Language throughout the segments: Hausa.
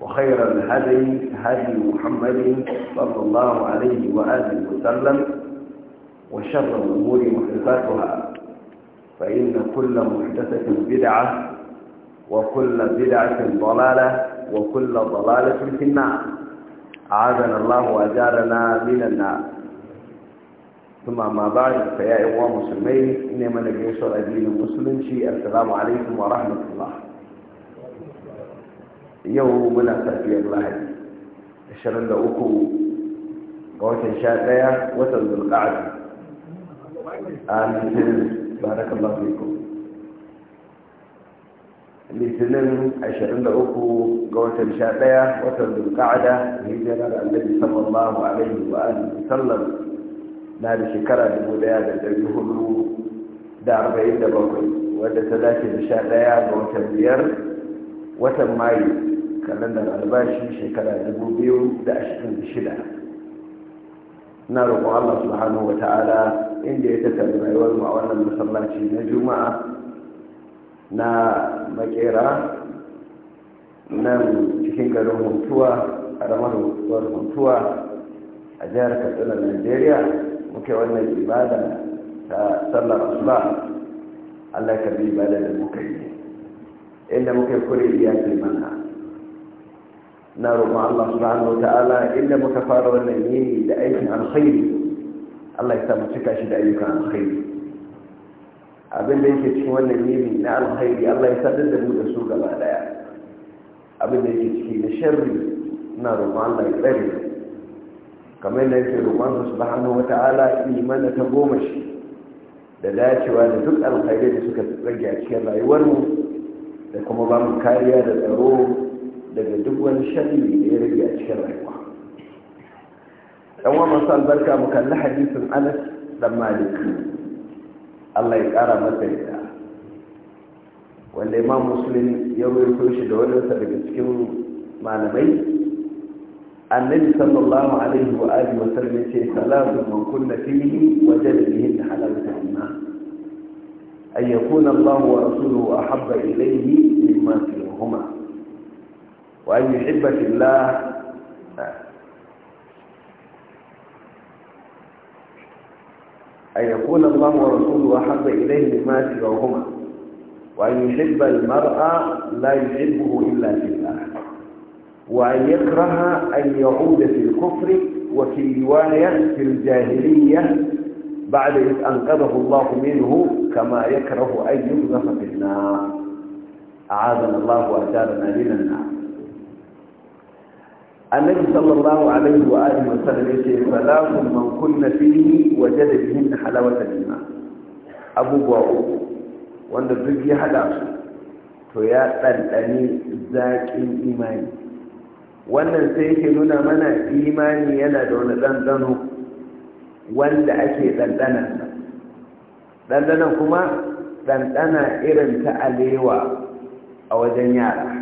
وخير الهدي هدي محمد صلى الله عليه وآله وسلم وشر الأمور محدثاتها فإن كل محدثة بدعة وكل بدعة ضلالة وكل ضلالة في النار أعاذنا الله وأجارنا من النار ثم ما بعد فيا إخوان مسلمين إنما نجيش الدين المسلم السلام عليكم ورحمة الله yau muna safiyar lahadi 23 ga watan 11 watan zulqa'ad amin barakallahu fikum litinin 23 ga watan 11 watan zulqa'ada hijirar annabi sallallahu alaihi wa alihi sallam na da shekara bakwai, wadda ta dace da daya ga watan biyar watan mayu kalandar albashi shekara 2026 na roƙon allah subhanahu wa ta'ala inda ya tattali rayuwar mu a wannan masallaci na juma'a na makera nan cikin garin huntuwa a ramar huntuwa a jihar katsina nigeria muke wannan ibada ta sallar asuba allah ka bi ibada da muka yi inda muka kure iya mana na roƙon Allah subhanahu wata'ala inda muka fara wannan ne da aikin alkhairi Allah ya mu cika shi da ayyukan alkhairi abin da yake cikin wannan yini na alkhairi Allah ya sadar da mu da su gaba daya abin da yake ciki na sharri na roƙon Allah ya tsare kamar yadda yake roƙon sa subhanahu wata'ala imana ta goma shi da dacewa da duk alkhairi da suka rage a cikin rayuwarmu da kuma ba mu kariya da tsaro daga duk wani sharri da ya rage a cikin rayuwa ɗan masu albarka mu kalli hadisin anas dan malik allah ya ƙara masa yadda wanda imam muslim ya ruwaito shi da wadansa daga cikin malamai annabi sallallahu alaihi wa alihi wa sallam yace salatu man kunna fihi wajada bihi halalata iman أن يكون الله ورسوله أحب إليه مما فيهما وأن يحب في الله أن يكون الله ورسوله أحب إليه مما سواهما وأن يحب المرأة لا يحبه إلا في الله وأن يكره أن يعود في الكفر وفي رواية في الجاهلية بعد إذ أنقذه الله منه كما يكره أن يقذف في النار أعاذنا الله وأجابنا من النار annabi sallallahu alaihi wa alihi wa sallam yace salatun man kunna fihi wajada bihin halawatan iman abubuwa uku wanda duk ya hada su to ya ɗanɗani zaƙin imani wannan sai yake nuna mana imani yana da wani ɗanɗano wanda ake ɗanɗanan ɗanɗanan kuma ɗanɗana irin ta alewa a wajen yara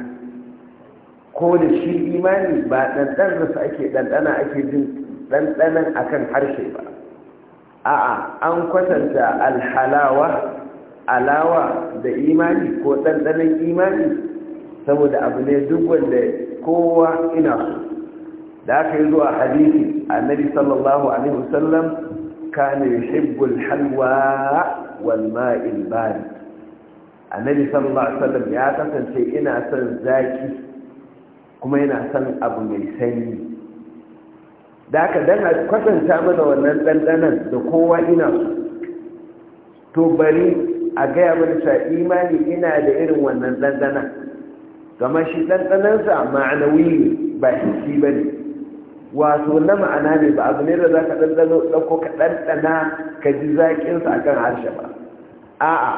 ko da shi imani ba ɗanɗanarsa ake ɗanɗana ake jin ɗanɗanan akan harshe ba a'a an kwatanta alhalawa alawa da imani ko ɗanɗanan imani saboda abu ne duk wanda kowa ina so da aka yi zuwa hadisi annabi sallallahu alaihi wasallam halwa wal ma'il bari annabi sallallahu alaihi wasallam ya kasance ina son zaki kuma yana son abu mai sanyi da aka dana kwatanta mana wannan ɗanɗanan da kowa ina to bari a gaya mana imani ina da irin wannan ɗanɗanan gama shi ɗanɗanansa ma'anawi ne ba shi ba ne wato na ma'ana ne ba abu ne da za ka ɗanɗano ɗauko ka ɗanɗana ka ji zaƙinsa a kan harshe ba a'a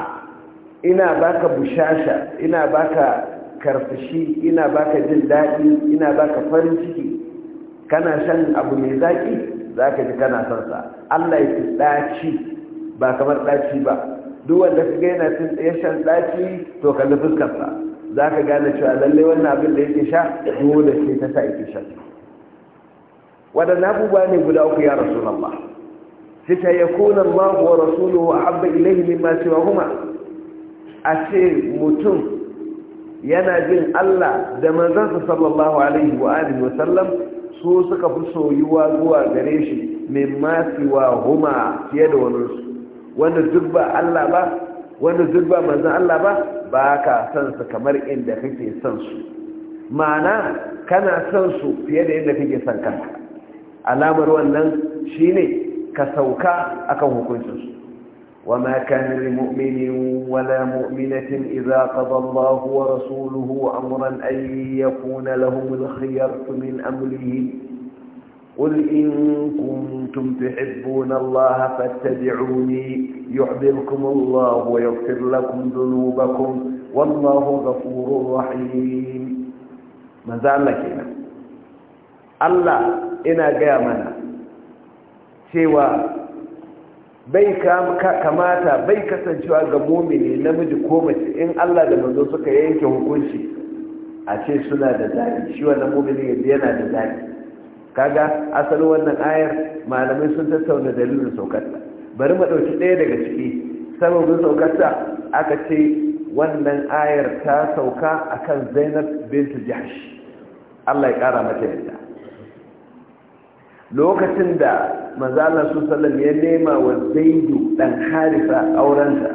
ina baka bushasha ina baka karfashi ina baka jin daɗi ina baka farin ciki kana shan abu mai zaƙi za ka ji kana son sa allah ya fi ɗaci ba kamar ɗaci ba duk wanda ka ga yana cin ɗaya shan ɗaci to kalli fuskarsa za ka gane cewa lallai wannan abin da yake sha dole ce ta sa yake sha waɗannan abubuwa ne guda uku ya rasu nan ba fita ya kuna Allah wa rasuluhu habba ilaihi mimma siwa a ce mutum yana jin Allah da manzansa sallallahu alaihi wa alihi wa sallam su suka fi soyuwa zuwa gare shi ma siwa huma fiye da wani su wanda duk ba Allah ba wanda duk ba Allah ba ba ka san su kamar inda kake san su ma'ana kana san su fiye da inda kake san kanka alamar wannan shine ka sauka akan hukuncin su وما كان لمؤمن ولا مؤمنة إذا قضى الله ورسوله أمرا أن يكون لهم الخيرة من أمرهم قل إن كنتم تحبون الله فاتبعوني يحببكم الله ويغفر لكم ذنوبكم والله غفور رحيم من ذا هنا الله إنا جامنا سوى bai kamata bai kasancewa ga momini namiji ko mace in Allah da manzo suka yanke hukunci a ce suna da zaɓi shi wannan momini yanzu yana da zaɓi kaga asalin wannan ayar malamai sun tattauna dalilin saukarta bari mu ɗauki ɗaya daga ciki sababin saukarta aka ce wannan ayar ta sauka akan zainab bintu jahsh Allah ya ƙara mata yadda lokacin da manzala su sallam ya nema wa zaidu dan harisa aurenta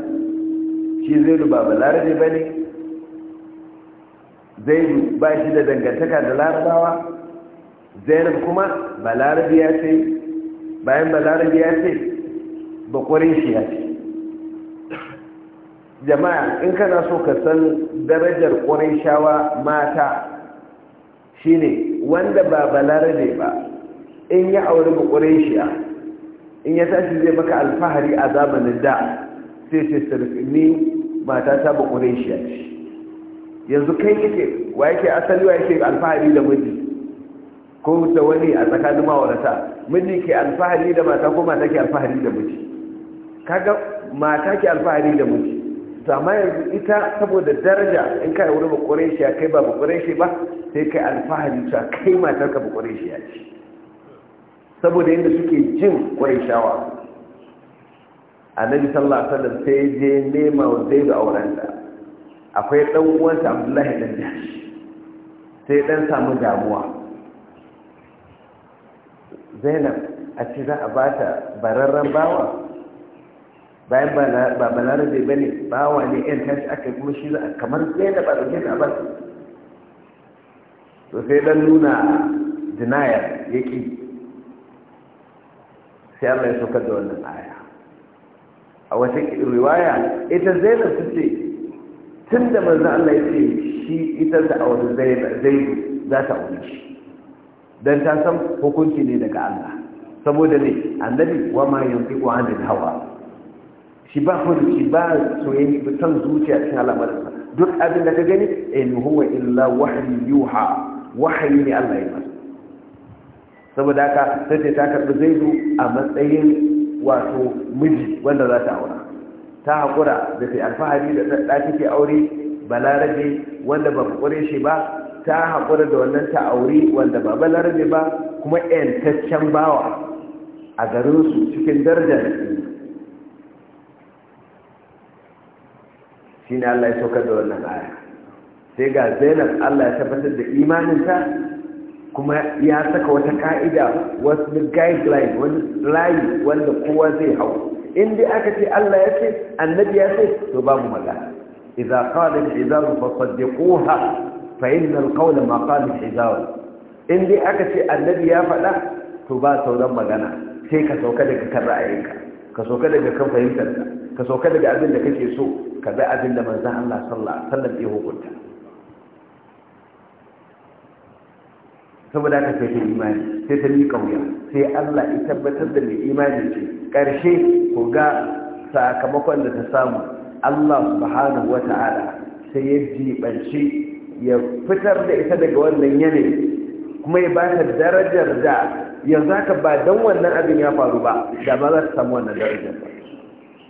shi zaidu ba balarabe ba ne zaidu ba shi da dangantaka da larabawa zainab kuma balarabe ya ce bayan balarabe ya ce bakwarin shi ya ce jama'a in kana so ka san darajar ƙwarin shawa mata shine wanda ba balarabe ba in ya auri bakureshiya in ya tashi zai maka alfahari a zamanin da sai ce sarfini mata ta bakureshiya ce yanzu kai yake wa yake asali wa yake alfahari da miji ko da wani a tsakanin ma'aurata miji ke alfahari da mata ko mata ke alfahari da miji kaga mata ke alfahari da miji to amma yanzu ita saboda daraja in kai wuri bakureshiya kai ba bakureshi ba sai kai alfahari ta kai matar ka bakureshiya ce saboda yadda suke jin ƙwarishawa annabi sallallahu alaihi wasallam sai je nema wa zaidu aurenta akwai dan uwansa abdullahi dan jashi sai dan samu damuwa zainab a ce za a ba ta bararren bawa bayan ba balarabe bai ne bawa ne yan tashi aka kuma shi za a kamar zainab a ɗauke ta ba to sai dan nuna dinayar yake sai Allah ya saukar da wannan aya a wata riwaya ita zainab ta ce tun da manzo Allah ya ce shi ita da aure zainab zainab za ta wuce dan ta san hukunci ne daga Allah saboda ne annabi wa ma an da hawa shi ba shi ba soyayya ba san zuciya cikin al'amarinsa duk abin da ka gani in huwa illa wahyi yuha wahyi ne Allah ya masa saboda haka sai ta karɓi zaidu a matsayin wato miji wanda za ta aura ta haƙura da ta alfahari da ta take aure balarabe wanda ba kure shi ba ta haƙura da wannan ta aure wanda ba balarabe ba kuma ‘yantaccen bawa a garinsu cikin darajar shi ne Allah ya saukar da wannan aya sai ga zainab Allah ya tabbatar da imaninta kuma ya saka wata ka'ida wasu guideline wani layi wanda kowa zai hau in dai aka ce Allah ya ce annabi ya ce to babu magana idza qala al-izar fa saddiquha fa inna al-qawl ma qala al in dai aka ce annabi ya faɗa to ba sauran magana sai ka sauka daga kan ra'ayinka ka sauka daga kan fahimtarka ka sauka daga abin da kake so ka bi abin da manzon Allah sallallahu alaihi wasallam ya hukunta saboda ka sai ta imani sai ta miƙa wuya sai Allah ya tabbatar da mai imani ce ƙarshe ku ga sakamakon da ta samu Allah subhanahu wata'ala sai ya jibanci ya fitar da ita daga wannan yanayi kuma ya ba darajar da yanzu haka ba don wannan abin ya faru ba da ba za ta samu wannan darajar ba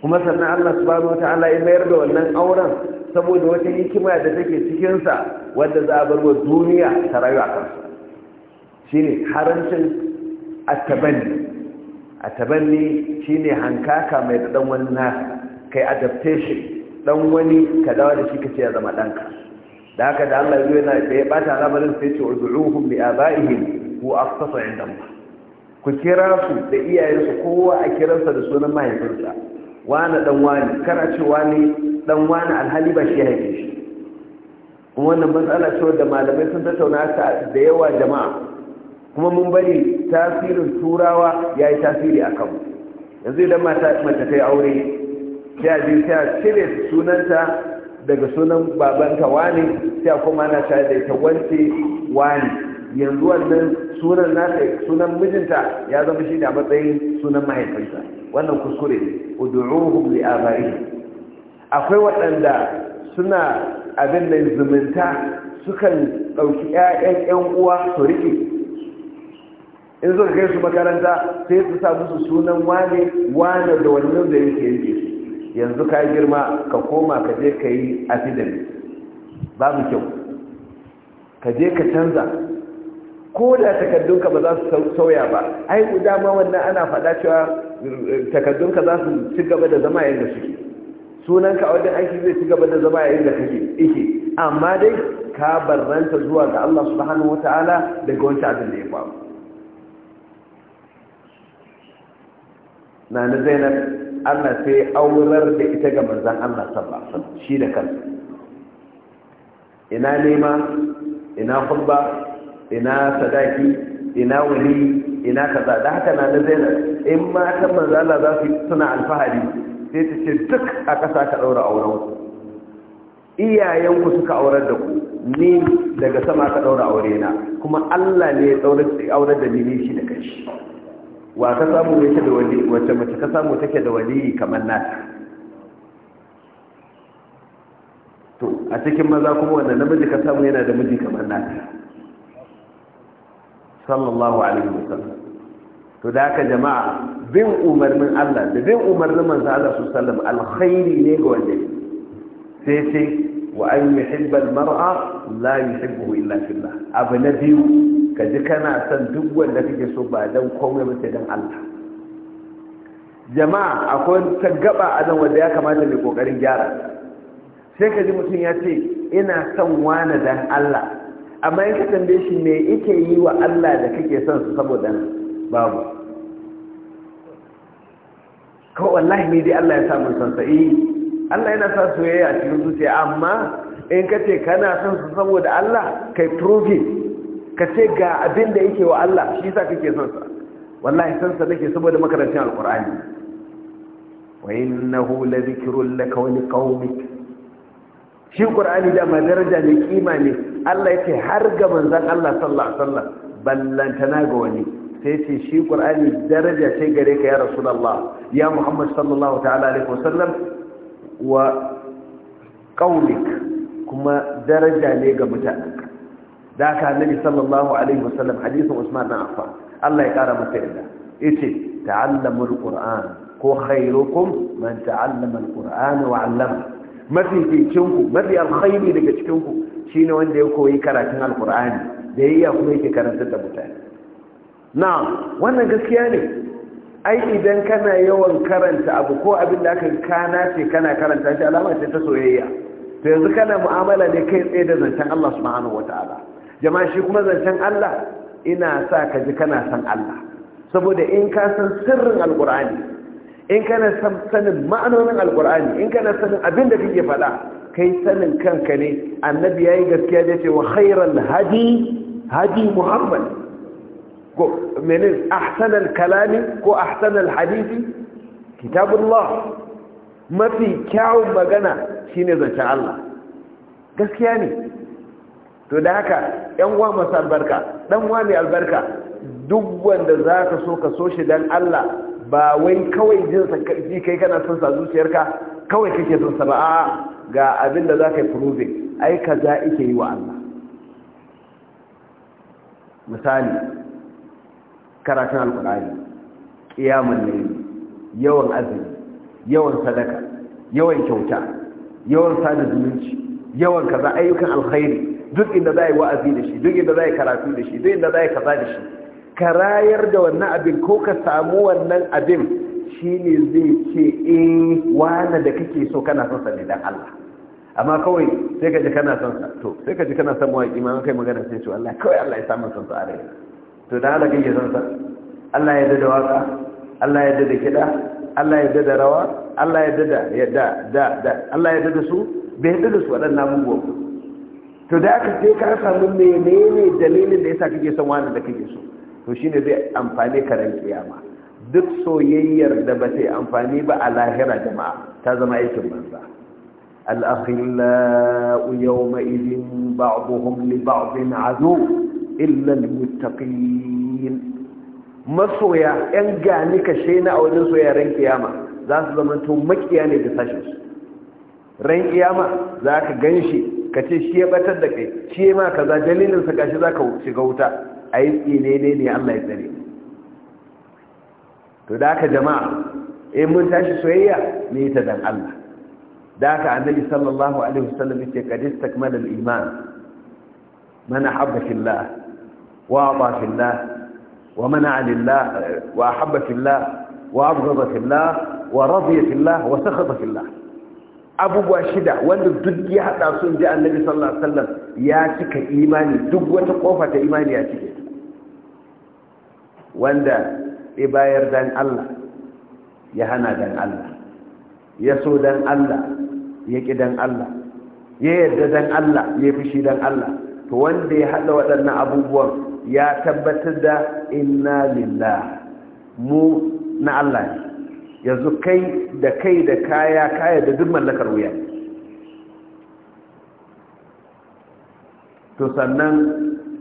kuma sannan Allah subhanahu wata'ala ya mayar da wannan auren saboda wata hikima da take cikinsa wadda za a bar wa duniya ta rayu a kansa shine harancin attabanni shine hankaka mai dan wani nasa kai adaptation dan wani ka dawo da shi ka ce ya zama danka da haka da Allah yayi na bai bata lamarin sai ce ud'uhum bi abaihim kusa aqtasa indahum ku kira su da iyayensu kowa a kiransa da sunan mahaifinsa wani dan wani kana ce wani dan wani alhali ba shi haife shi kuma wannan matsala ce da malamai sun tattauna ta da yawa jama'a kuma mun bari tasirin turawa ya yi tasiri a kanmu yanzu idan mata ta yi aure ta yi je cire sunanta daga sunan babanta wani ta a kuma na shayar da ta wance wani yanzu wannan sunan nasa sunan mijinta ya zama shi da matsayin sunan mahaifinsa wannan kuskure ne li abarihim akwai waɗanda suna abin da zumunta sukan ɗauki ƴaƴan 'yan uwa su rike in zo kai su makaranta sai su sa musu sunan wane wane da wannan da yake yake yanzu ka girma ka koma ka je ka yi afidali babu kyau ka je ka canza ko da takaddunka ba za su sauya ba ai dama wannan ana faɗa cewa eh, takaddunka za su ci gaba da zama yadda suke sunanka a wajen aiki zai ci gaba da zama da kake ike amma dai ka barranta zuwa ga Allah subhanahu wataala daga wancan abin da ya faru na na zainab allah sai aurar da ita ga manzan allah sallallahu shi da kansa ina nema ina hulba ina sadaki ina wuri ina kaza da haka na na zainab in matan manzan allah za su suna alfahari sai ta ce duk a ƙasa ka ɗaura wasu iyayenku suka aurar da ku ni daga sama ka ɗaura aure na kuma allah ne ya ɗaurar da ni shi da kai wa ka samu yake da wali wacce mace ka samu take da wali kamar nata to a cikin maza kuma wanda namiji ka samu yana da miji kamar nata sallallahu alaihi wasallam to da haka jama'a bin umarnin Allah da bin umarnin manzo Allah su sallam alkhairi ne ga wanda sai sai wa ayyuhibbal mar'a, la yuhibbu illa fillah abu na biyu ka ji kana son duk wanda kake so ba don komai ba sai don Allah jama'a akwai ta gaba a nan wanda ya kamata mai kokarin gyara sai ka ji mutum ya ce ina son wani don Allah amma in ka tambaye shi me yake yi wa Allah da kake son su saboda babu ko wallahi ne dai Allah ya sa mun san sai eh. Allah yana sa soyayya a cikin zuciya amma in ka kana son su saboda Allah kai trophy ka ce ga abin da yake wa Allah shi sa kake son sa wallahi san sa nake saboda makarantar alqur'ani wa innahu la dhikrun laka wa liqaumik shi qur'ani da ma daraja ne kima ne Allah yake har ga manzon Allah sallallahu alaihi wasallam ballantana ga wani sai ce shi qur'ani daraja ce gare ka ya rasulullah ya muhammad sallallahu ta'ala alaihi wasallam wa qaumik kuma daraja ne ga mutanen da aka annabi sallallahu alaihi wasallam hadisin Usman bin Affan Allah ya kara masa yarda yace ta'allamul Qur'an ko khairukum man ta'allama al-Qur'ana wa 'allama mafi ficinku mafi alkhairi daga cikin ku shine wanda ya koyi karatun alqur'ani da yayya kuma yake karanta da mutane na'am wannan gaskiya ne ai idan kana yawan karanta abu ko abin da aka kana ce kana karanta shi alama ce ta soyayya to yanzu kana mu'amala ne kai tsaye da zancen Allah subhanahu wataala jama'a shi kuma zancen Allah ina sa ka ji kana san Allah saboda in ka san sirrin alkur'ani in kana sanin ma'anonin alkur'ani in kana sanin abin da kake faɗa kai sanin kanka ne annabi yayi gaskiya da cewa khairal hadi hadi muhammad ko menin ahsanal kalami ko ahsanal hadisi kitabullah mafi kyawun magana shine zancen Allah gaskiya ne to da haka yan uwa masu albarka dan uwa mai albarka duk wanda za ka so ka so shi dan Allah ba wai kawai jin ji kai kana son sa zuciyarka kawai kake son sa ba a ga abin da za ka yi proving ai za ike yi wa Allah misali karatun alkur'ani kiyamun laili yawan azumi yawan sadaka yawan kyauta yawan sada zumunci yawan kaza ayyukan alkhairi duk inda za a yi wa'azi da shi duk inda za a yi karatu da shi duk inda za a yi kaza da shi ka rayar da wannan abin ko ka samu wannan abin shi ne zai ce eh wane da kake so kana son sa ne Allah amma kawai sai ka ji kana son sa to sai ka ji kana son mawa ma kai magana sai ce Allah kawai Allah ya samu son sa a to dan Allah kai son sa Allah ya dada waka Allah ya dada kiɗa Allah ya dada rawa Allah ya dada da da da Allah ya dada su bai dada su waɗannan abubuwan to da aka sai ka samu menene dalilin da yasa kake son wani da kake so to shine zai amfani ka kiyama duk soyayyar da ba ta amfani ba a lahira jama'a ta zama aikin banza al-akhillau yawma idin ba'dhum li ba'din adu illa al-muttaqin masoya yan gani kashe na a wajen soyayyen kiyama za su zama to makiya ne da sashin su ran kiyama za ka ganshi ka ce shi ya batar da kai shi ma kaza dalilin sa gashi zaka shiga wuta ayi tsine ne ne Allah ya tsare to da haka jama'a in mun tashi soyayya ne ta dan Allah da haka annabi sallallahu alaihi wasallam yake kadis takmal al-iman man ahabba fillah wa aba fillah wa mana'a lillah wa ahabba fillah wa abghada fillah wa radiya fillah wa sakhata fillah abubuwa shida wanda duk ya haɗa su ji annabi sallallahu alaihi wasallam ya cika imani duk wata kofa ta imani ya cike wanda ya bayar dan Allah ya hana dan Allah ya so dan Allah ya ki dan Allah ya yarda dan Allah ya fushi dan Allah to wanda ya haɗa waɗannan abubuwan ya tabbatar da inna lillah mu na Allah ne yanzu kai da kai da kaya kaya da duk mallakar wuya to sannan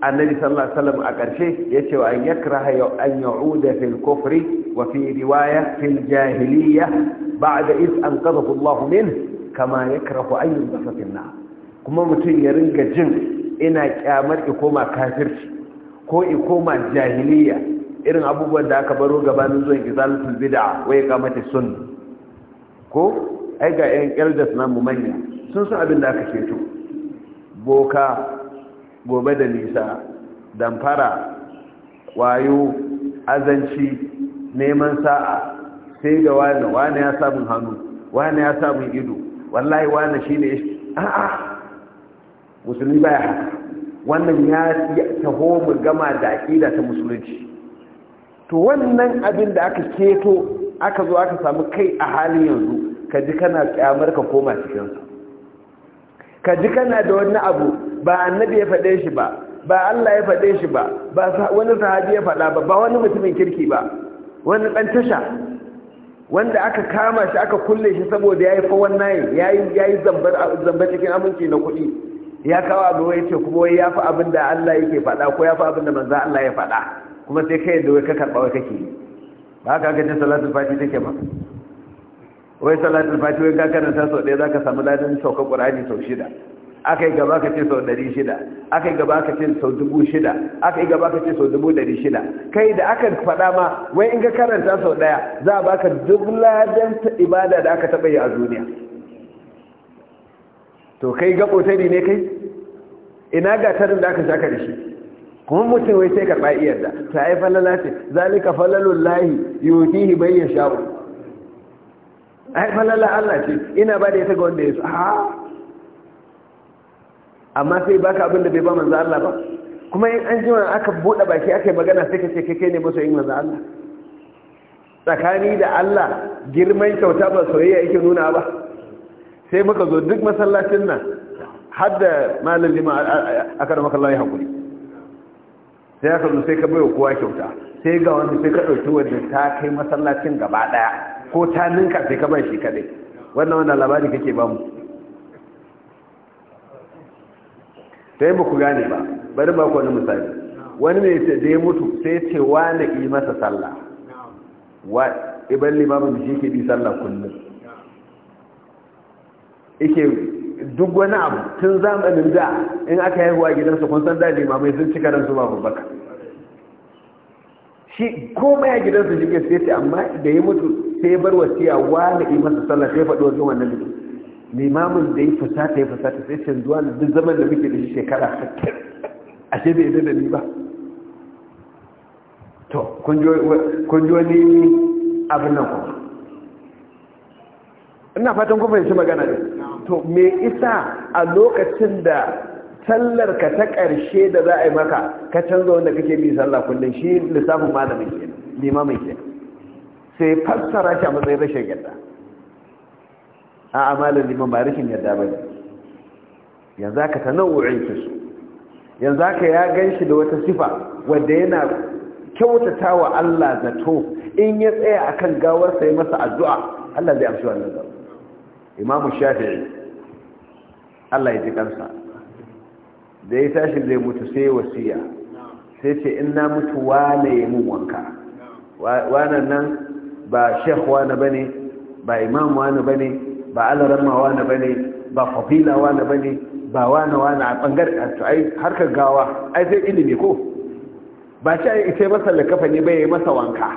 annabi sallallahu alaihi wasallam a ƙarshe ya ce wa an yakraha an ya'uda fil kufri wa fi riwaya fil jahiliya ba'da is qadahu Allah min kama yakrahu an yudafa fil nar kuma mutum ya ringa jin ina kyamar ikoma kafirci ko ikoma jahiliya irin abubuwan da aka baro gabanin zuwan izalatul bid'a wai kamata sun ko ai ga yan elders na mu manya sun san abin da aka ceto boka gobe da nisa damfara wayo azanci neman sa'a sai ga wani wani ya samun hannu wani ya samun ido wallahi wani shine a'a musulmi baya haka wannan ya taho mu gama da aƙida ta musulunci to wannan abin da aka keto aka zo aka samu kai a halin yanzu ka ji kana kyamar ka koma cikinsu ka ji kana da wani abu ba annabi ya faɗe shi ba ba Allah ya faɗe shi ba ba wani sahabi ya faɗa ba ba wani mutumin kirki ba wani ɗan tasha wanda aka kama shi aka kulle shi saboda ya yi fawon nayin ya yi zambar cikin aminci na kuɗi ya kawo abu wai ce kuma wai ya fi abin da Allah yake faɗa ko ya fi abin da manza Allah ya faɗa kuma sai kai da wai ka karɓa wai kake ba haka aka ce salatul fati take ba wai salatul fati wai ka karanta sau ɗaya zaka samu ladan sauka qur'ani sau shida aka yi gaba ka ce sau ɗari shida aka yi gaba ka ce sau dubu shida aka yi gaba ka ce sau dubu ɗari shida kai da aka faɗa ma wai in ka karanta sau ɗaya za a baka duk ladan ibada da aka taɓa yi a duniya to kai gaɓotari ne kai ina gatarin da aka shaka da shi kuma mutum wai sai karɓa iyarda ta yi falala ce zalika falalun lahi yutihi bai bayan sha'u ai falala Allah ce ina ba da ita ga wanda ya su ha amma sai baka ka abinda bai ba manza Allah ba kuma in an jima aka buɗe baki aka yi magana sai ka ce kai ne yin manza Allah tsakani da Allah girman kyauta ba soyayya yake nuna ba sai muka zo duk masallacin nan har da malalima a karamakallahi hakuri sai aka zo sai ka bai wa kowa kyauta sai ga wani sai ka ɗauki wanda ta kai masallacin gaba ɗaya ko ta ninka sai ka bai shi kaɗai wannan wannan labari kake ba mu ta yi muku gane ba bari ba ku wani misali wani mai ce da ya mutu sai ce wa na yi masa sallah wa iban limamin da shi ke bi sallah kullum ike duk wani abu tun zamanin da in aka haihuwa gidansu kun san ma mai sun cika ransu ba babbaka shi komai a gidansu shi ke sai amma da ya mutu sai bar wasiya wani yi masa sallah sai faɗo zuwa na mutum limamin da ya fusata ya fusata sai canzuwa da duk zaman da muke da shi shekara a ce bai da ni ba to kun ji wani abin nan kuma ina fatan kuma fahimci magana ne to me isa a lokacin da sallar ka ta ƙarshe da za a yi maka ka canza wanda kake bi sallah kullum shi lissafin malamin ke limamin ke sai fassara shi a matsayin rashin yadda a amalin liman ba rashin yadda ba yanzu ka ta nau'u'in su yanzu ka ya gan shi da wata sifa wadda yana kyautata wa Allah zato in ya tsaya akan gawar sai masa addu'a Allah zai amshi wannan zama imamu shafi'i Allah ya ji kansa da ya tashi zai mutu sai wasiya sai ce in na mutu wane ya mun wanka wannan nan ba shekh wane bane ba imam wane bane ba alaramma wane bane ba fafila wane bane ba wane wane a bangar to ai harkar gawa ai sai ilimi ko ba sha ai sai masa lakafa ne bai masa wanka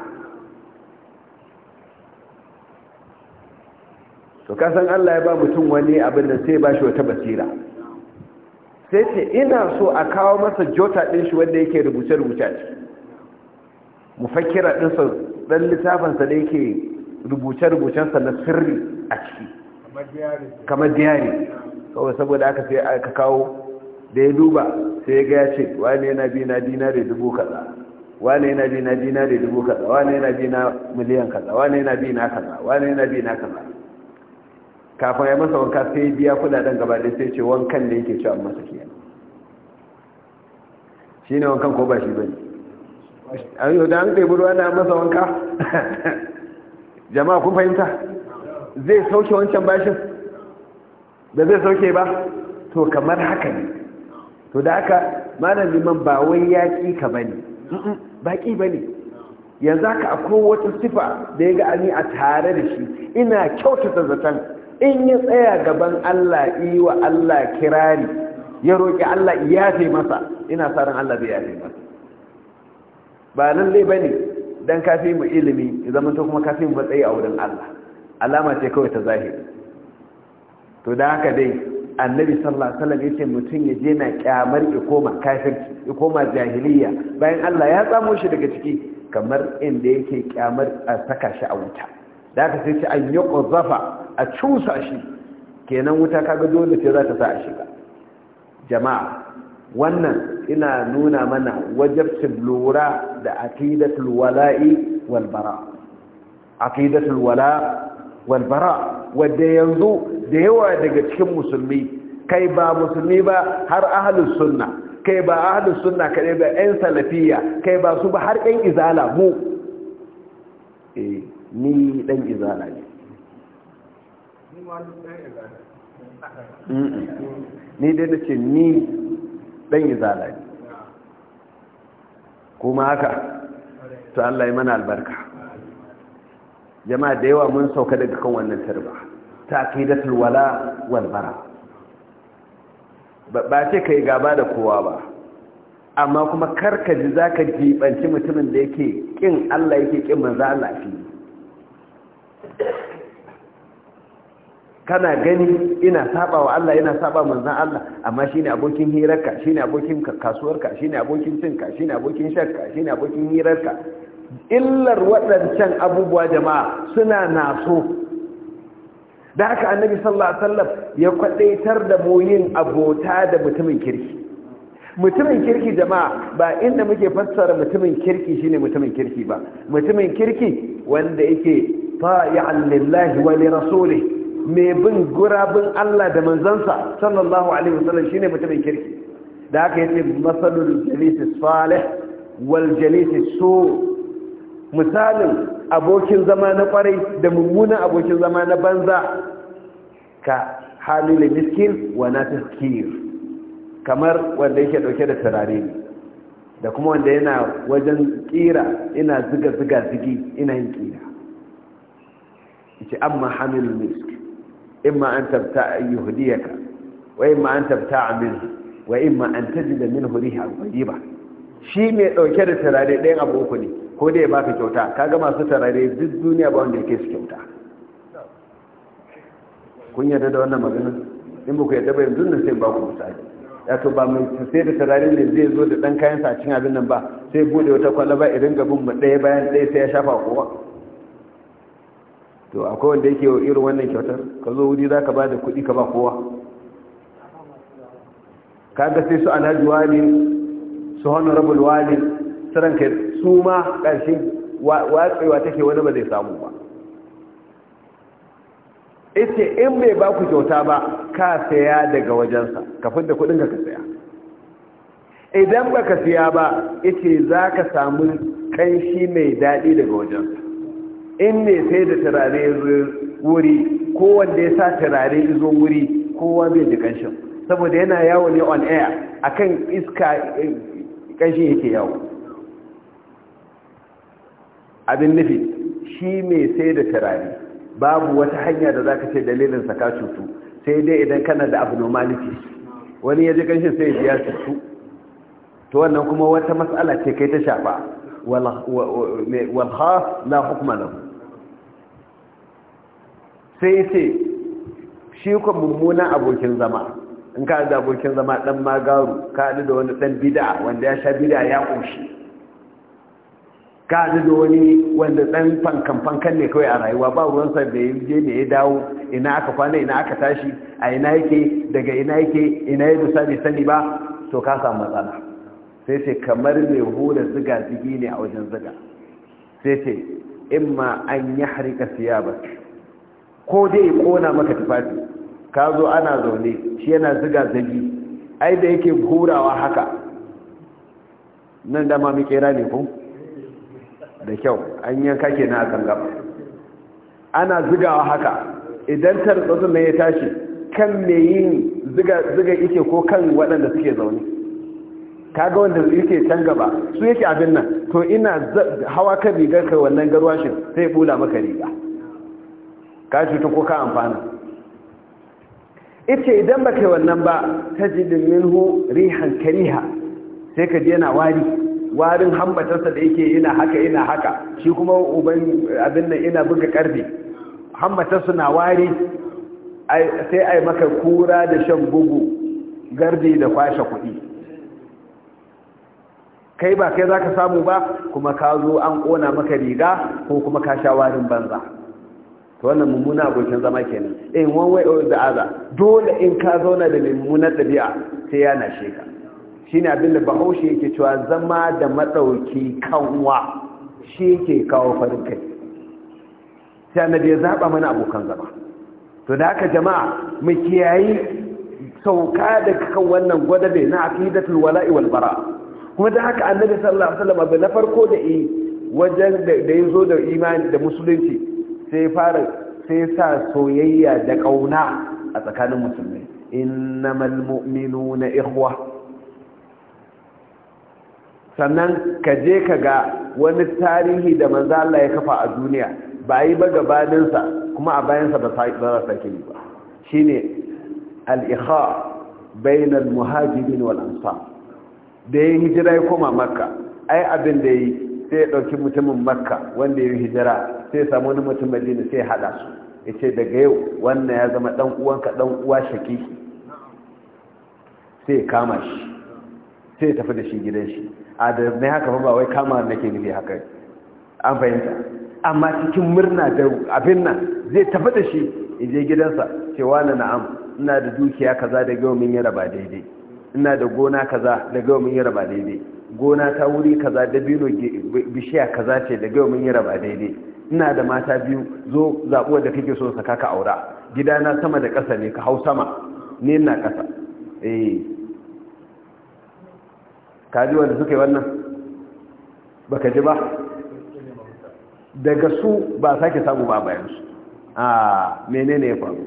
to kasan allah ya ba mutum wani abin da sai ba shi wata basira sai ce ina so a kawo masa jota ɗin shi wanda yake rubuce-rubuce ciki mufakkira ɗinsa ɗan littafinsa da yake rubuce-rubucensa na sirri a ciki kamar diyari kawai saboda aka sai aka kawo da ya duba sai ya gaya ce wane yana bi na dinare dubu kaza wane yana bi na dinare dubu kaza wane yana bi na miliyan kaza wane yana bi na kaza wane yana bi na kaza kafin ya masa wanka sai biya kudaden gaba da sai ce wankan da yake cewa masa kiyan shi ne wankan ko ba shi ba ne a yau da an ɗai ruwa na masa wanka jama'a kun fahimta zai sauke wancan bashin da zai sauke ba to kamar haka ne to da aka mana liman ba wai ya ƙi ka ba ne baƙi ba ne yanzu haka akwai wata sifa da ya ga ani a tare da shi ina kyautata zaton in ya tsaya gaban Allah yi wa Allah kirari ya roƙi Allah yafe masa ina tsarin Allah zai yafe masa ba nan zai ba ne don kafi mu ilimi zaman to kuma kafin mu matsayi a wurin Allah alama ce kawai ta zahiri to da haka dai annabi sallallahu alaihi wasallam yace mutun ya je na kyamar ya koma kafir ya koma jahiliya bayan Allah ya tsamo shi daga ciki kamar inda yake kyamar a saka shi a wuta da aka sai ce an yi ƙwazafa a cusa shi kenan wuta kaga dole ce za ta sa a shiga jama'a wannan ina nuna mana wajabcin lura da aqidatul wala'i wal bara aqidatul wala wal bara wanda yanzu da yawa daga cikin musulmi kai ba musulmi ba har ahlus sunna kai ba ahlus sunna kai ba ɗan salafiya kai ba su ba har ɗan izala mu eh ni dan izala ne ni dai na ce ni dan izala ne kuma haka to Allah ya mana albarka jama'a da yawa mun sauka daga kan wannan tarba ta aqidatul wala wal bara ba ce kai gaba da kowa ba amma kuma karkaji zaka jibanci mutumin da yake kin Allah yake kin manzo Allah kana gani ina saba wa Allah ina saba manzan Allah amma shine abokin hirarka shine abokin kasuwarka shine abokin cinka shine abokin shakka shine abokin hirarka illar waɗancan abubuwa jama'a suna naso da haka annabi sallallahu alaihi wasallam ya kwadaitar da moyin abota da mutumin kirki mutumin kirki jama'a ba inda muke fassara mutumin kirki shine mutumin kirki ba mutumin kirki wanda yake ta'i'an lillahi wa li rasuli. mai bin bin Allah da manzansa sallallahu alaihi wasallam shine mutumin kirki da aka yace masalul jalis salih wal jalis su misalin abokin zama na kwarai da mummunan abokin zama na banza ka halil miskin wa na kamar wanda yake dauke da turare ne da kuma wanda yana wajen kira ina ziga ziga zigi ina yin kira ce amma hamilul misk ma an tabta Yahudiyaka, wa in ma an tabta min, wa in ma an taji da min minhu rihan ba shi mai dauke da tarare ɗayan abu ne ko dai baka kyauta kaga masu tarare duk duniya ba wanda yake su kyauta kun yarda da wannan magana in ba ku yarda ba yanzu nan sai ba ku misali to ba mai sai da tarare ne zai zo da ɗan kayan sa cin abin nan ba sai bude wata kwalaba irin gabin mu ɗaya bayan ɗaya sai ya shafa kowa to akwai wanda yake irin wannan kyautar ka zo wuri za ka ba da kuɗi ka ba kowa kaga sai su alhaji wani su honorable wani su kai su ma ƙarshen watsewa take wani ba zai samu ba ita in bai ba ku kyauta ba ka saya daga wajensa ka da kuɗin ka saya idan ba ka siya ba ita za ka samu kanshi mai daɗi daga wajensa in ne sai da turare wuri ko wanda ya sa turare izo wuri kowa bai ji kanshin saboda yana yawo ne on air akan iska kanshin eh, yake yawo abin nufi shi mai sai da turare babu wata hanya da za ka ce dalilin saka cutu sai dai idan kana da abnormality wani ya ji kanshin sai ya cutu to wannan kuma wata matsala ce kai ta shafa walha la hukuma lahu sai ce shi kuwa mummunan abokin zama in ka da abokin zama ɗan magaru ka da wani dan bid'a wanda ya sha bid'a ya koshi ka da wani wanda dan fankan-fankan ne kawai a rayuwa ba sa da ya je ne ya dawo ina aka kwana ina aka tashi a ina yake daga ina yake ina ya dusa bai sani ba to ka samu matsala sai ce kamar mai hula ziga zigi ne a wajen ziga sai ce in ma an yi harika siya ba ko dai kona maka tufafi ka zo ana zaune shi yana ziga zagi ai da yake hurawa haka nan dama mikera ne ko da kyau an yanka ke na akan gaba ana zigawa haka idan tarzatsun mai ya tashi kan mai yin ziga ike ko kan waɗanda suke zaune kaga wanda yake can gaba su yake abin nan to ina hawa kan rigar kai wannan garwashin sai bula maka riga ka cuta ko ka amfana ita idan ba kai wannan ba ta jidin minhu rihan kariha sai ka yana wari warin hambatarsa da yake yana haka yana haka shi kuma uban abin nan yana buga karfe hambatarsa na wari sai ai maka kura da shan bugu gardi da kwashe kuɗi kai ba kai za ka samu ba kuma ka zo an ƙona maka riga ko kuma ka sha warin banza to wannan mummuna abokin zama kenan in one way or the other dole in ka zauna da mai mummunar ɗabi'a sai ya nashe ka shine abin bahaushe yake cewa zama da maɗauki kanwa shi yake kawo farin kai sai annabi ya zaba mana abokan zama to da haka jama'a mu kiyayi sauka da kan wannan gwadabe na aqidatul wala'i wal bara kuma da haka annabi sallallahu alaihi wasallam na farko da yi wajen da yazo da imani da musulunci sai fara sai sa soyayya da ƙauna a tsakanin musulmai innamal mu'minuna ikhwa sannan ka je ka ga wani tarihi da manzo Allah ya kafa a duniya ba yi ba gabaninsa kuma a bayansa ba za sake yi ba shine al-ikha bainal muhajirin wal da ya hijira ya koma makka ai abin da yi sai ya ɗauki mutumin makka wanda ya yi hijira sai ya samu wani mutum madina sai ya haɗa su ya ce daga yau wannan ya zama ɗan uwanka ɗan uwa shaƙi sai ya kama shi sai ya tafi da shi gidan shi a da na haka ba wai kama ke nufi haka an fahimta amma cikin murna da abin nan zai tafi da shi ya je gidansa cewa na na'am ina da dukiya kaza da gawamin yara ba daidai ina da gona kaza da gawamin yara ba daidai gona ta wuri kaza dabino bishiya kaza ce daga yau mun yi raba daidai ina da mata biyu zo zaɓuwa da kake so saka ka aura gidana sama da ƙasa ne ka hau sama ne na ƙasa eh ka ji wanda suka yi wannan baka ji ba daga su ba sake samu ba bayan su a menene ya faru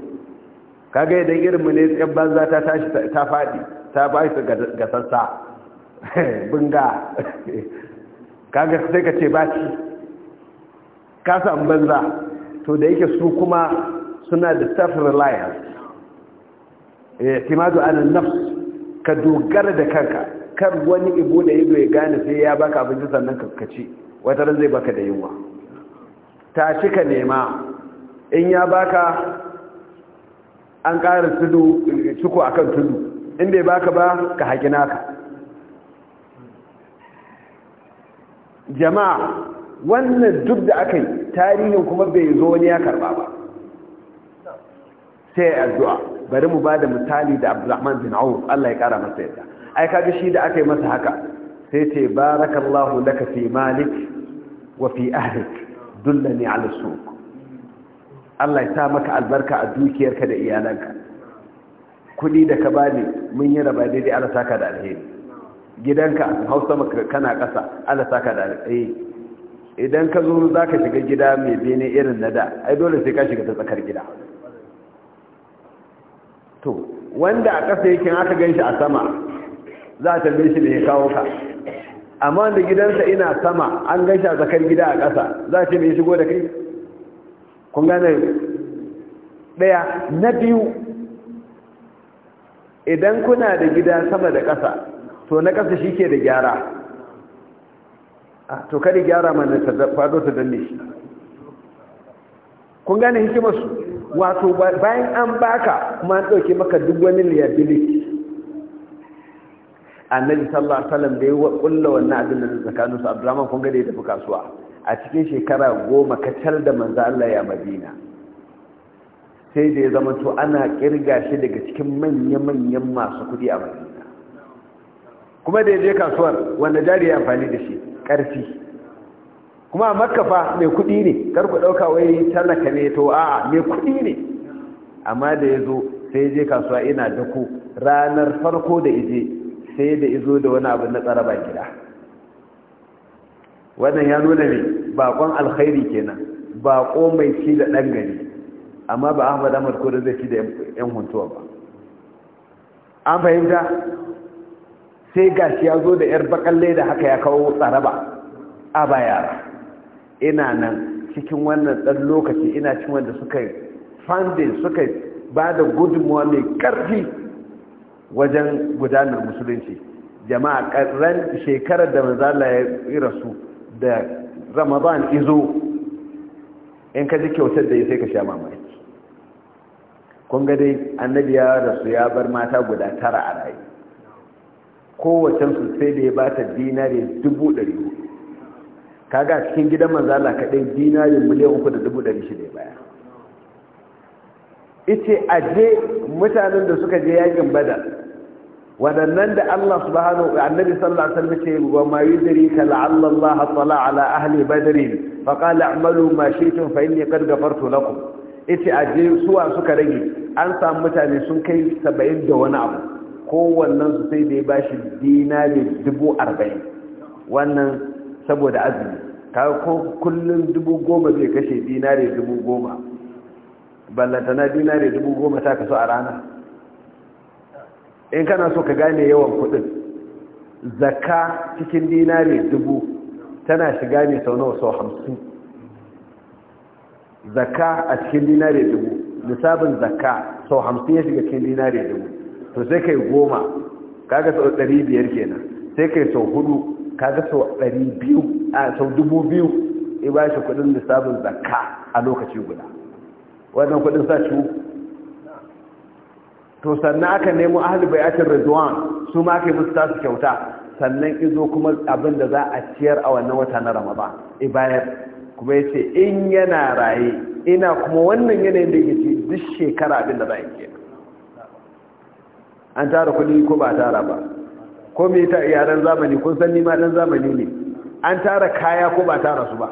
kaga idan irin mu ne yan banza ta tashi ta faɗi ta ba shi ga sassa bunga kaga sai ka ce baci ka san banza to da yake su kuma suna da self-reliance eh, timadu ala nafs ka dogara da kanka kar wani ibo da ido ya gane sai ya baka abinci sannan kace wata ran zai baka da yunwa tashi ka nema in ya baka an ƙara tudu ciko akan tudu in bai baka ba ka haƙi naka jama'a wannan duk da aka yi tarihin kuma bai zo wani ya karba ba sai addu'a bari mu ba da misali da abdulrahman bin awu Allah ya kara masa yadda ai kaga shi da aka yi masa haka sai ce barakallahu laka fi malik wa fi ahlik dullani ala suq Allah ya sa maka albarka a dukiyarka da iyalanka kudi da ka bani mun yi raba da Allah saka da alheri gidanka hausa kana ƙasa ala saka da alƙayi eh. idan ka zo za ka shiga gida mai bene irin na da ai dole sai ka shiga ta tsakar gida to wanda a ƙasa yake aka gan shi a sama za a tambaye shi da ya kawo ka amma wanda gidansa ina sama an gan shi a tsakar gida a ƙasa za a ce mai shigo da kai kun gane ɗaya na biyu idan kuna da gida sama da ƙasa to na ƙasa shi ke da gyara ah, to kada gyara mana ta faɗo ta danne shi kun gane hikimarsu wato bayan an baka kuma an ɗauke maka duk wani liability annabi sallallahu alaihi wasallam da ya kulla wannan abin da tsakanin su Abdurrahman kun ga da ya tafi kasuwa a cikin shekara goma kacal da manzo Allah ya Madina sai da ya zama to ana kirga shi daga cikin manya-manyan masu kudi a Madina kuma da ya je kasuwar wanda jari ya amfani da shi ƙarfi kuma makafa mai kuɗi ne kar ku ɗauka wai tallaka ne to a'a mai kuɗi ne amma da ya zo sai ya je kasuwa ina dako ranar farko da ije sai da izo da wani abu na tsaraba gida wannan ya nuna ne bakon alkhairi kenan baƙo mai ci da ɗan gari amma ba ahmad ahmad kodin zai ci da 'yan huntuwa ba an fahimta sai gashi ya zo da yar bakalle da haka ya kawo tsaraba a baya ina nan cikin wannan ɗan lokaci ina cikin wanda suka fandin suka ba da gudunmuwa mai ƙarfi wajen gudanar musulunci jama'a ƙarren shekarar da mazala ya rasu da ramadan izo in ka ji kyautar da ya sai ka sha mamaki kun ga dai annabi ya rasu ya bar mata guda tara a rayu Kowace su sai da ya ba ta dinari dubu ɗari kaga cikin gidan manzala kaɗai dinari miliyan uku da dubu ɗari shida baya ita aje mutanen da suka je yakin bada, waɗannan da Allah subhanahu wa annabi sallallahu alaihi wasallam ce wa ma yudrika la'alla Allah tala ala ahli badr fa qala a'malu ma shi'tum fa inni qad ghafartu lakum ita aje suwa suka rage an samu mutane sun kai 70 da wani abu kowannen su sai da ya ba dina dinari dubu arba'in wannan saboda azumi Ta ko kullum dubu goma zai kashe dinari dubu goma ballantana dinari dubu goma ta kaso a rana in kana so ka gane yawan kudin Zaka cikin dinari dubu tana shiga ne sau nawa sau hamsin Zaka a cikin dinari dubu nisabin zakka sau hamsin ya shiga cikin dinari dubu to sai kai goma kaga sau ɗari biyar kenan sai kai sau hudu kaga sau ɗari biyu a sau dubu biyu ya ba shi kudin lissafin zakka a lokaci guda wannan kudin sa ciwo to sannan aka nemo ahli bayatin rizwan su ma kai musu tasu kyauta sannan izo kuma abin da za a ciyar a wannan wata na ramadan ibayar kuma ya ce in yana raye ina kuma wannan yanayin da yake duk shekara abin da za a yi an tara kudi ko ba tara ba ko me ta yaran zamani kun san nima dan zamani ne an tara kaya ko ba tara su ba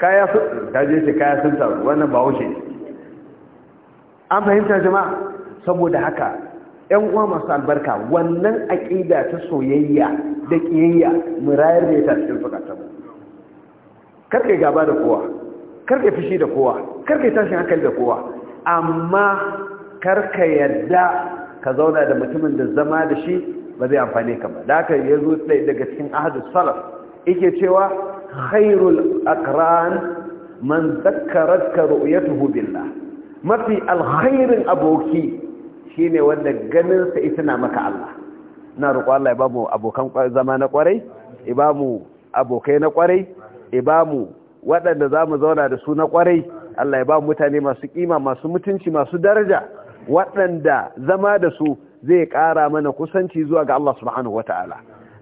kaya sun je ce kaya sun taru wannan ba wuce an fahimta jama'a saboda haka ƴan uwa masu albarka wannan aƙida ta soyayya da ƙiyayya mu rayar da ita cikin zukatanmu karka gaba da kowa karka fushi da kowa karka tashin hankali da kowa amma karka yadda ka zauna da mutumin da zama da shi ba zai amfane ka ba da haka ya zo ɗaya daga cikin ahadu salaf Ike cewa khairul akran man zakkaratka ru'yatuhu billah mafi alkhairin aboki shine wanda ganin sa ita na maka Allah na roƙo Allah ya ba abokan zama na kwarai ya ba abokai na kwarai ya ba mu waɗanda za zauna da su na kwarai Allah ya ba mutane masu kima masu mutunci masu daraja waɗanda zama da su zai ƙara mana kusanci zuwa ga Allah subhanahu wa ta'ala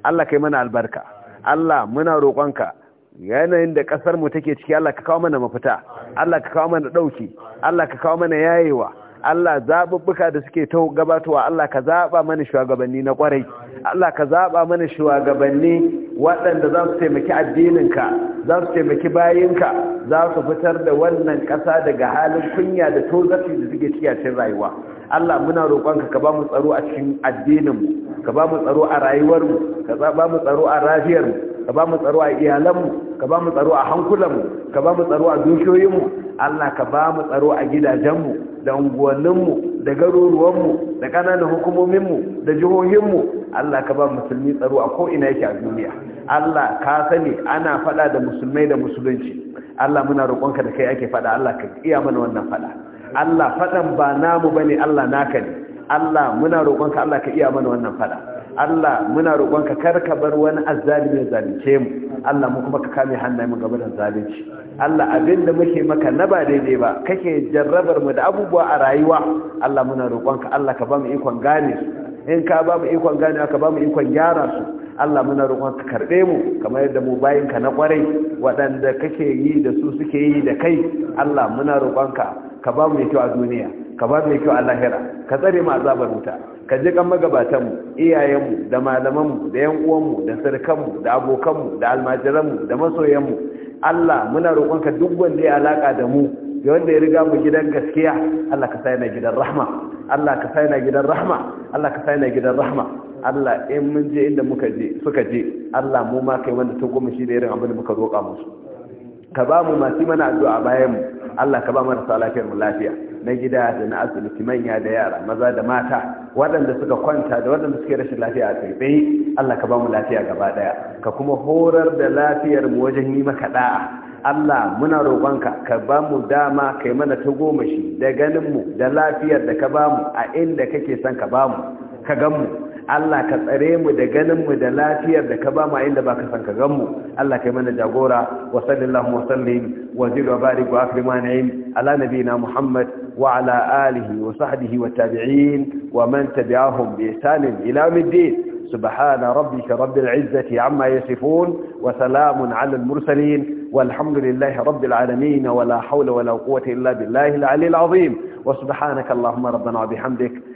Allah kai mana albarka Allah muna roƙonka yanayin da ƙasarmu take ciki Allah ka kawo mana mafita Allah ka kawo mana ɗauki Allah ka kawo mana yayewa Allah zaɓuɓɓuka da suke ta gabatowa Allah ka zaɓa mana shugabanni na ƙwarai Allah ka zaɓa mana shugabanni waɗanda za su taimaki addininka za su taimaki bayinka za su fitar da wannan ƙasa daga halin kunya da tozarci da suke ciki rayuwa Allah muna roƙonka ka ba mu tsaro a cikin addinin ka ba mu tsaro a rayuwarmu ka ba mu tsaro a lafiyarmu ka ba mu tsaro a iyalanmu ka ba mu tsaro a hankulanmu ka ba mu tsaro a dukiyoyinmu Allah ka ba mu tsaro a gidajenmu da unguwanninmu da garuruwanmu da ƙananan hukumominmu da jihohinmu Allah ka ba musulmi tsaro a ko'ina yake a duniya Allah ka sani ana faɗa da musulmai da musulunci Allah muna roƙonka da kai ake faɗa Allah ka iya mana wannan faɗa Allah faɗan ba namu bane Allah naka ne Allah muna roƙonka Allah ka iya mana wannan faɗa Allah muna roƙonka kar ka bar wani azzalimi ya zalunce mu Allah mu kuma ka kame hannaye mu gaba da zalunci Allah abin da muke maka na ba daidai ba kake jarrabar mu da abubuwa a rayuwa Allah muna roƙonka Allah ka ba mu ikon gane su in ka ba mu ikon gane ka ba mu ikon gyara su Allah muna roƙon karɓe mu kamar yadda mu bayinka na ƙwarai waɗanda kake yi da su suke yi da kai Allah muna roƙonka ka ba mu kyau a duniya ka ba mai kyau a lahira ka tsare ma azabar wuta ka ji kan magabatanmu iyayenmu da malamanmu da yan uwanmu da sarkanmu da abokanmu da almajiranmu da masoyanmu Allah muna roƙonka duk wanda ya alaka da mu da wanda ya riga mu gidan gaskiya Allah ka sai na gidan rahma Allah ka sai na gidan rahma Allah ka sai na gidan rahma Allah in mun je inda muka je suka je Allah mu ma kai wanda ta goma shi da irin abin da muka roƙa musu ka ba mu masu mana addu'a bayan mu Allah ka ba marasa lafiyar mu lafiya na gida da na asibiti manya da yara maza da mata waɗanda suka kwanta da waɗanda suke rashin lafiya a tsaye Allah ka ba mu lafiya gaba ɗaya ka kuma horar da lafiyar mu wajen yi maka da'a Allah muna roƙonka ka ba mu dama kai mana ta goma shi da ganinmu da lafiyar da ka ba mu a inda kake son ka ba mu ka gan mu Allah ka tsare mu da ganin mu da lafiyar da ka ba mu inda baka san ka gan Allah kai mana jagora wa sallallahu wa sallim wa zid wa barik wa akrim anayn ala nabina Muhammad wa ala alihi wa sahbihi wa tabi'in wa man tabi'ahum bi ihsan ila yawmiddin سبحان ربك رب العزة عما يصفون وسلام على المرسلين والحمد لله رب العالمين ولا حول ولا قوة إلا بالله العلي العظيم وسبحانك اللهم ربنا وبحمدك